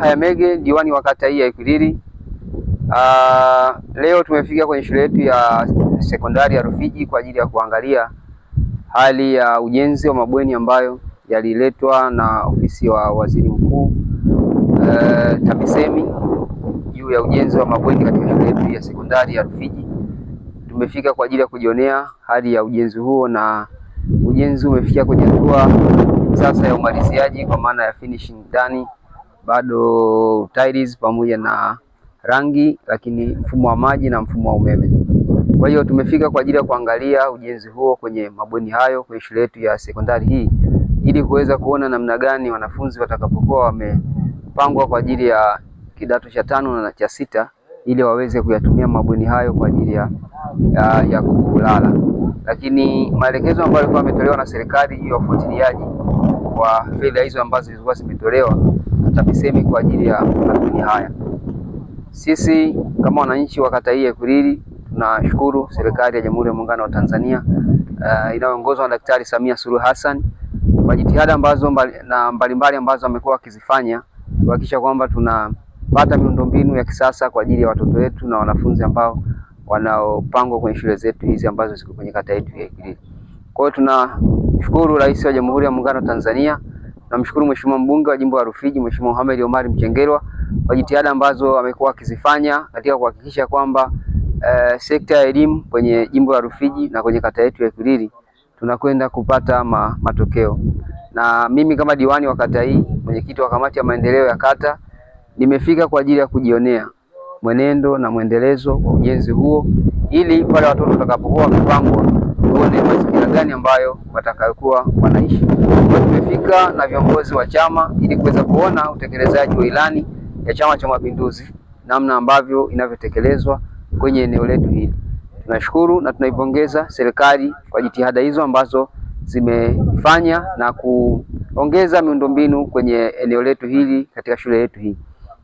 Haya Mege, diwani wa kata hii ya Ikwiriri. Ah, leo tumefika kwenye shule yetu ya sekondari ya Rufiji kwa ajili ya kuangalia hali ya ujenzi wa mabweni ambayo yaliletwa na ofisi wa waziri mkuu eh, TAMISEMI juu ya ujenzi wa mabweni katika shule yetu ya sekondari ya Rufiji. Tumefika kwa ajili ya kujionea hali ya ujenzi huo, na ujenzi umefikia kwenye hatua sasa ya umaliziaji kwa maana ya finishing ndani bado tiles pamoja na rangi, lakini mfumo wa maji na mfumo wa umeme. Kwa hiyo tumefika kwa ajili ya kuangalia ujenzi huo kwenye mabweni hayo kwenye shule yetu ya sekondari hii ili kuweza kuona namna gani wanafunzi watakapokuwa wamepangwa kwa ajili ya kidato cha tano na cha sita ili waweze kuyatumia mabweni hayo kwa ajili ya, ya, ya kulala. Lakini maelekezo ambayo yalikuwa yametolewa na serikali juu ya ufuatiliaji wa fedha hizo ambazo zilikuwa zimetolewa hata misemi kwa ajili ya madini haya. Sisi kama wananchi wa kata hii ya Ikwiriri tunashukuru serikali ya Jamhuri ya Muungano wa Tanzania uh, inayoongozwa na Daktari Samia Suluhu Hassan kwa jitihada ambazo mbali, na mbalimbali ambazo amekuwa akizifanya kuhakikisha kwamba tunapata miundombinu ya kisasa kwa ajili ya watoto wetu na wanafunzi ambao wanaopangwa kwenye shule zetu hizi ambazo ziko kwenye kata yetu ya Ikwiriri. Kwa hiyo tunashukuru Rais wa Jamhuri ya Muungano wa Tanzania Namshukuru Mheshimiwa mbunge wa jimbo la Rufiji Mheshimiwa Mohamed Omar Mchengerwa kwa jitihada ambazo amekuwa akizifanya katika kuhakikisha kwamba uh, sekta ya elimu kwenye jimbo la Rufiji na kwenye kata yetu ya Ikwiriri tunakwenda kupata ma, matokeo. Na mimi kama diwani wa kata hii, mwenyekiti wa kamati ya maendeleo ya kata, nimefika kwa ajili ya kujionea mwenendo na mwendelezo wa ujenzi huo ili pale watoto watakapokuwa wamepangwa tuone gani ambayo watakayokuwa wanaishi. Tumefika na viongozi wa chama ili kuweza kuona utekelezaji wa ilani ya Chama cha Mapinduzi, namna ambavyo inavyotekelezwa kwenye eneo letu hili. Tunashukuru na tunaipongeza serikali kwa jitihada hizo ambazo zimefanya na kuongeza miundombinu kwenye eneo letu hili katika shule yetu hii.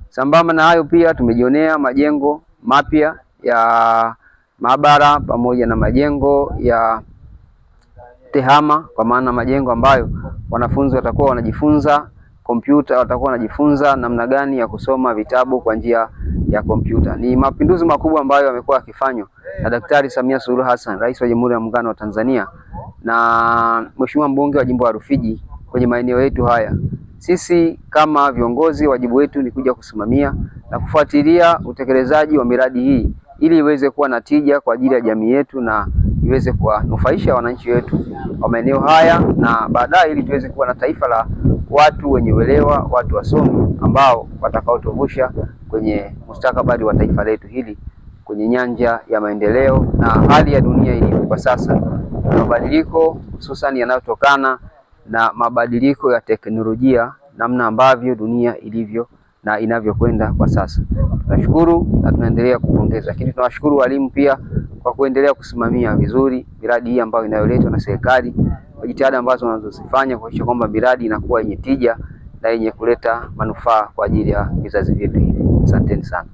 Sambamba na hayo, pia tumejionea majengo mapya ya maabara pamoja na majengo ya TEHAMA, kwa maana majengo ambayo wanafunzi watakuwa wanajifunza kompyuta, watakuwa wanajifunza namna gani ya kusoma vitabu kwa njia ya kompyuta. Ni mapinduzi makubwa ambayo yamekuwa yakifanywa na Daktari Samia Suluhu Hassan, Rais wa Jamhuri ya Muungano wa Tanzania na Mheshimiwa mbunge wa jimbo la Rufiji kwenye maeneo yetu haya. Sisi kama viongozi, wajibu wetu ni kuja kusimamia na kufuatilia utekelezaji wa miradi hii ili iweze kuwa na tija kwa ajili ya jamii yetu na iweze kuwanufaisha wananchi wetu wa maeneo haya na baadaye, ili tuweze kuwa na taifa la watu wenye uelewa, watu wasomi ambao watakaotuvusha kwenye mustakabali wa taifa letu hili kwenye nyanja ya maendeleo na hali ya dunia ilivyo kwa sasa, mabadiliko hususani yanayotokana na mabadiliko ya teknolojia, namna ambavyo dunia ilivyo na inavyokwenda kwa sasa. Tunashukuru na tunaendelea kupongeza, lakini tunawashukuru walimu pia kwa kuendelea kusimamia vizuri miradi hii ambayo inayoletwa na serikali kwa jitihada ambazo wanazozifanya kuhakikisha kwamba miradi inakuwa yenye tija na yenye kuleta manufaa kwa ajili ya vizazi vyetu hivi. Asanteni sana.